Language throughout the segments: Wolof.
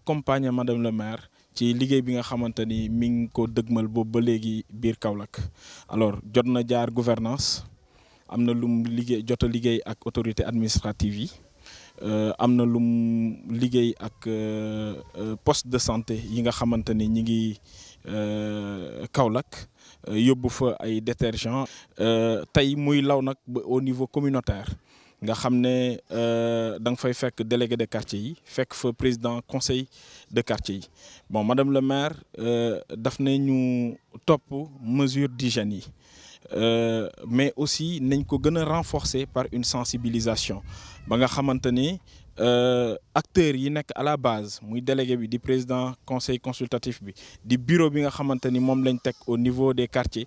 accompagner madame le maire ci liggéey bi nga xamante mi ngi ko deugmal boobu ba legui bir Kaolack alors jotna na jaar gouvernance amna na lum liggéey jot ak autorité administrative yi euh, am na lum liggéey ak euh, euh, poste de santé yi nga xamante ñi ngi Kaolack yóbbu fa ay détergent tay muy law nak au niveau communautaire nga xamné euh dang délégué de quartier yi fekk président conseil de quartier bon madame le maire euh, daf nous, top mesure d'hygiène euh, mais aussi nous ko été par une sensibilisation ba nga xamanteni euh acteurs yi à la base muy délégué bi président conseil consultatif du bureau bi nga au niveau des quartiers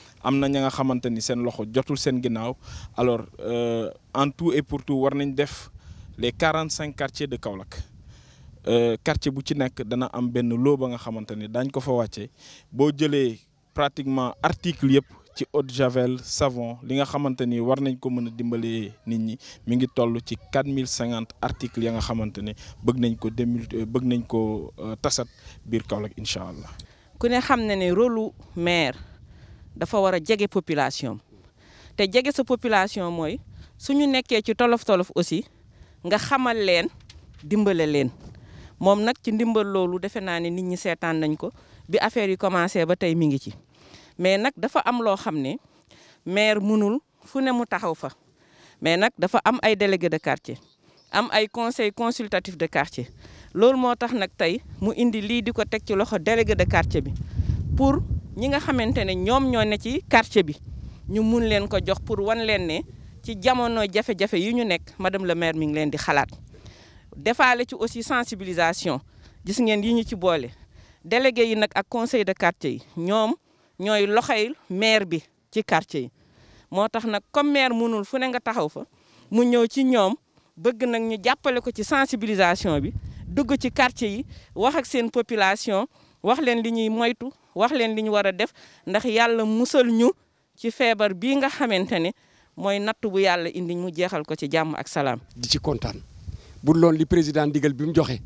amna ñinga xamanteni nga seen loxo jotul seen ginnaaw alors euh, en tout et pour tout war nañ def les 45 quartiers de Kaolack euh, quartier bu ci nek dana am benn loo ba nga xamanteni dañ ko fa wacce bo jëlé pratiquement article yépp ci eau javel savon li nga xamanteni war nañ ko mëna dimbalé nit ñi mi ngi tollu ci 4050 article ya nga xamanteni bëgg nañ ko euh, bëgg nañ ko tasat bir Kaolack inshallah allah. ku ne xamne na ne rôle maire. dafa war a jege population te jege sa population mooy su ñu nekkee ci tolof tolof aussi nga xamal leen dimbale leen moom nag ci ndimbal loolu defe naa ne nit ñi seetaan nañ ko bi affaire yi commencé ba tey mi ngi ci mais nag dafa am loo xam ne maire munul fu ne mu taxaw fa mais nag dafa am ay délégué de quartier am ay conseil consultatif de quartier loolu moo tax nag tey mu indi lii di ko teg ci loxo délégué de quartier bi ñi nga xamante ne ñoom ñoo ne ci quartier bi ñu mun leen ko jox pour wan leen ne ci jamono jafe-jafe yi ñu nekk madame le maire mi ngi leen di xalaat defaale ci aussi sensibilisation gis ngeen yi ñu ci boole délégué yi nag ak conseil de quartier yi ñoom ñooy loxoy maire bi ci quartier yi moo tax nag comme maire mënul fu ne nga taxaw fa mu ñëw ci ñoom bëgg nag ñu jàppale ko ci sensibilisation bi dugg ci quartier yi wax ak seen population wax leen li ñuy moytu wax leen li ñu war a def ndax yàlla musal ñu ci feebar bii nga xamante ne mooy natt bu yàlla indi mu jeexal ko ci jàmm ak salaam. di ci kontaan bu loon li président digal bi mu joxe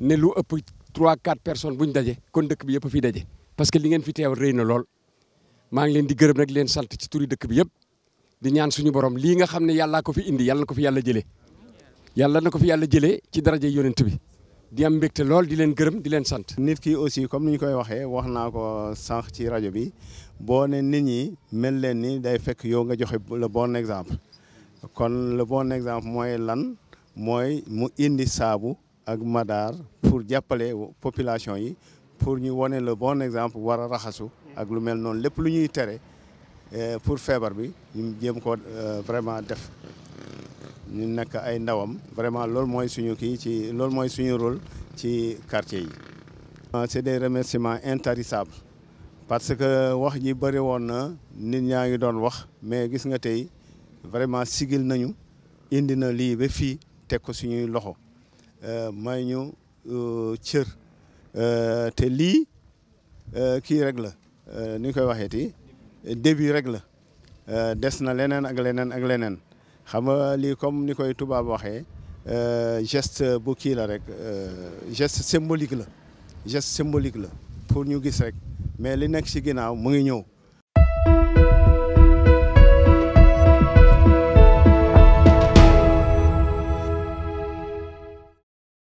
ne lu ëpp trois quatre personnes bu ñu daje kon dëkk bi yëpp a daje parce que li ngeen fi teewal rëy na lool maa ngi leen di gërëm nag leen sant ci turi dëkk bi yëpp di ñaan suñu borom lii nga xam ne yàllaa ko fi indi yàlla na ko fi yàlla jëlee yàlla na ko fi yàlla jëlee ci daraja yonent bi. di am mbégte lool di leen gërëm di leen sant. nit ki aussi comme ni ñu koy waxee wax naa ko sànq ci rajo bi boo ne nit ñi mel leen ni day fekk yow nga joxe le bon exemple kon le bon exemple mooy lan mooy mu indi saabu ak madar pour jàppale population yi pour ñu wane le bon exemple war a raxasu ak lu mel noonu lépp lu ñuy tere eh, pour feebar bi ñu jéem ko eh, vraiment def. ñu nekk ay ndawam vraiment loolu mooy suñu kii ci loolu mooy suñu rôle ci quartier yi. Euh, c'est des remerciements intarissables parce que wax ji bëri woon na nit ñaa ngi doon wax mais gis nga tey vraiment sigil nañu indi na lii ba fii teg ko suñuy loxo euh, may ñu euh, cër te lii kii rek la ni ñu koy waxeeti début rek la des na leneen ak leneen ak leneen. xam nga lii comme ni koy tubaab waxee euh, geste bu kii la rek euh, geste symbolique la geste symbolique la pour ñu gis rek mais li nekk si ginnaaw mu ngi ñëw